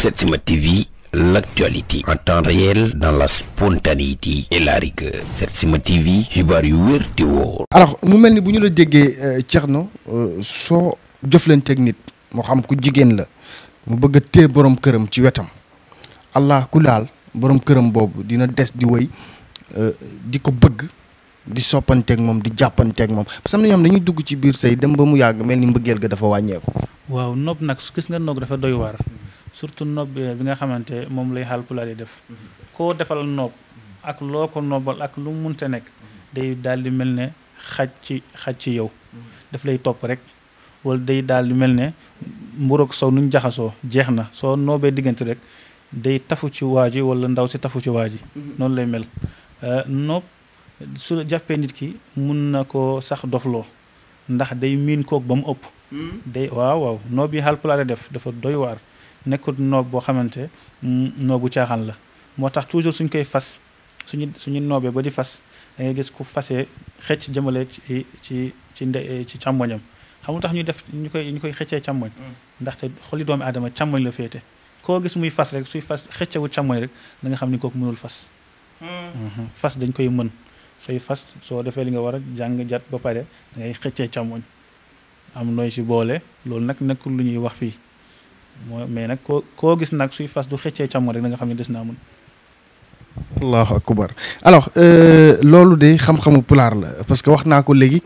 Setsima TV l'actualité en temps réel dans la spontanéité et set si Setsima TV xibaar yu wér te wóor. mu mel ni bu ñu la déggee euh, Thierno euh, soo jëflanteeg nit moo xam ku jigéen la mu bëgg a téye borom këram ci wetam allah ku laal borom këram boobu dina des di wéy euh, di ko bëgg. di soppanteeg moom di jàppanteeg moom parce que am na ñoom dañuy dugg ci biir sëy dem ba mu yàgg mel ni mbëggeel ga dafa wàññeeku. waaw nopp nag gis nga noog dafa doy waar surtout nopp bi nga xamante moom lay Haalpulaar yi def koo defal nopp ak loo ko noppal ak lu munte nekk day daal di mel ne xaj ci xaj ci yow daf lay topp rek wala day daal di mel ne mburu ak sow nu jaxasoo jeex na soo noobee diggante rek day tafu ci waa ji wala ndaw si tafu ci waa ji noonu lay mel euh, nopp su jàppee nit ki mun na ko sax dofloo ndax day miin kook ba mu ëpp hmm. day waaw waaw noob yi Haalpulaar def dafa doy waar nekkul noog boo xamante noobu caaxaan la moo tax toujours suñ koy fas suñu suñu noobee ba di fas da ngay gis ku fasee xëcc jëmale ci ci ci nde ci càmmoñam xam tax ñu def ñu koy ñu koy xëccee càmmoñ mm. ndaxte xoli doomu aadama càmmoñ la féete koo gis muy fas rek suy fas xëccewu càmmoñ rek da xam ni kooku mënul fas mm. mm-hmm. fas dañ koy mën sooy fas soo defee li nga war a jàng jat ba pare da ngay xëccee càmmoñ am nooy si boole loolu nag nekkul lu ñuy wax fii moo mais nag koo koo gis nag suy fas du xëccee càmmo rek da nga xam ne des naa mun allahu bar alors euh, loolu de xam-xamu pulaar la parce que wax naa ko léegi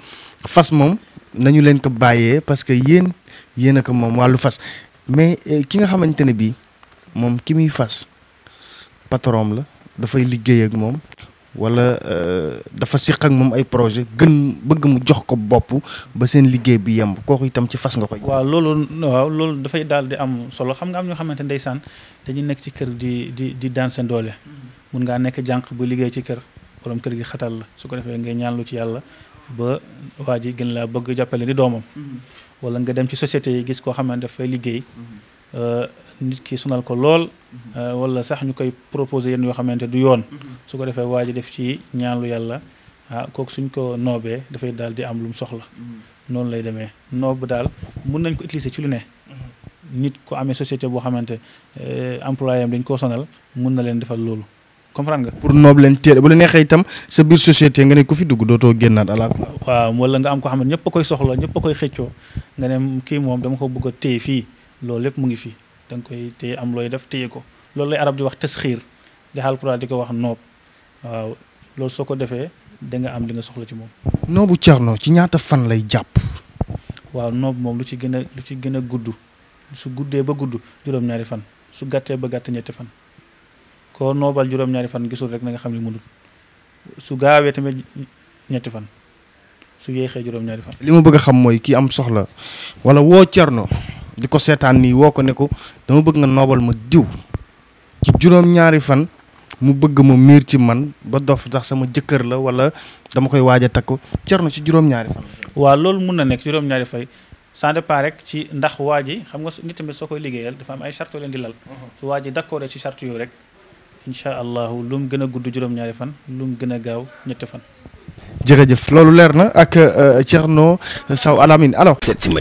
fas moom nañu leen ko bàyyee parce que yéen yéen ak ko moom wàllu fas mais euh, ki nga xamante ne bii moom ki muy fas patron la dafay liggéey ak moom wala euh, dafa siq ak moom ay projet gën bëgg mu jox ko bopp ba seen liggéey bi yemb ko itam ci fas nga koy. waaw loolu waaw loolu dafay dal di am solo xam nga am ñoo xamante ne ndeysaan dañuy nekk ci kër di di di daan seen doole. mun ngaa nekk jànq bu liggéey ci kër borom kër gi xatal la su ko defee ngay ñaanlu ci yàlla ba waa ji gën laa bëgg jàppale di doomam. Mm-hmm. wala nga dem ci société yi gis koo xamante dafay liggéey. Mm-hmm. Euh, nit ki sonal ko lool mhm. euh, wala sax ñu koy proposé yéen yoo xamante du yoon mhm. su ko defee waa ji def ci ñaanlu yàlla ah kooku suñ ko noobee dafay daal di am lu mu soxla mhm. noonu lay demee noob daal mun nañ ko utiliser ci lu ne nit ku amee société boo xamante euh, employé am dañ koo sonal mun na leen defal loolu comprendre nga. pour noob leen teel bu la neexee itam sa biir société nga ne ku fi dugg dootoo génnaat ala. waaw wala nga am ko xam ne ñëpp koy soxla ñëpp a koy xëccoo nga ne kii moom dama ko bëgg a téye fii loolu lépp mu ngi fii da nga koy téye am looy def téye ko loolu lay arab di wax tasxiir di Haalpulaar di ko wax noob waaw loolu soo ko defee danga am li nga soxla ci moom. noobu Cerno ci ñaata fan lay jàpp. waaw noob moom lu ci gën a lu ci gën a gudd su guddee ba gudd juróom-ñaari fan su gàttee ba gàtt ñetti fan koo noobal juróom-ñaari fan gisul rek na nga xam ne mënul su gaawee tamit ñetti fan su yéexee juróom-ñaari fan. li ma bëgg xam mooy kii am soxla wala woo Cerno di ko seetaan nii woo ko ne ko dama bëgg nga noobal ma diw ci juróom-ñaari fan mu bëgg ma miir ci man ba dof ndax sama jëkkër la wala dama koy waaj a takk cerno ci juróom-ñaari waaw loolu mun na nekk juróom fay sans départ ci ndax waa ji xam nga nit tamit soo koy liggéeyal dafa ay charte di lal. Uh-huh. waa ji d'accord ci charte yooyu rek incha allahu lu gën a gudd juróom fan lu gën a gaaw ñetti fan. loolu leer na ak Thierno euh, Sow Al Amine alors. Setsima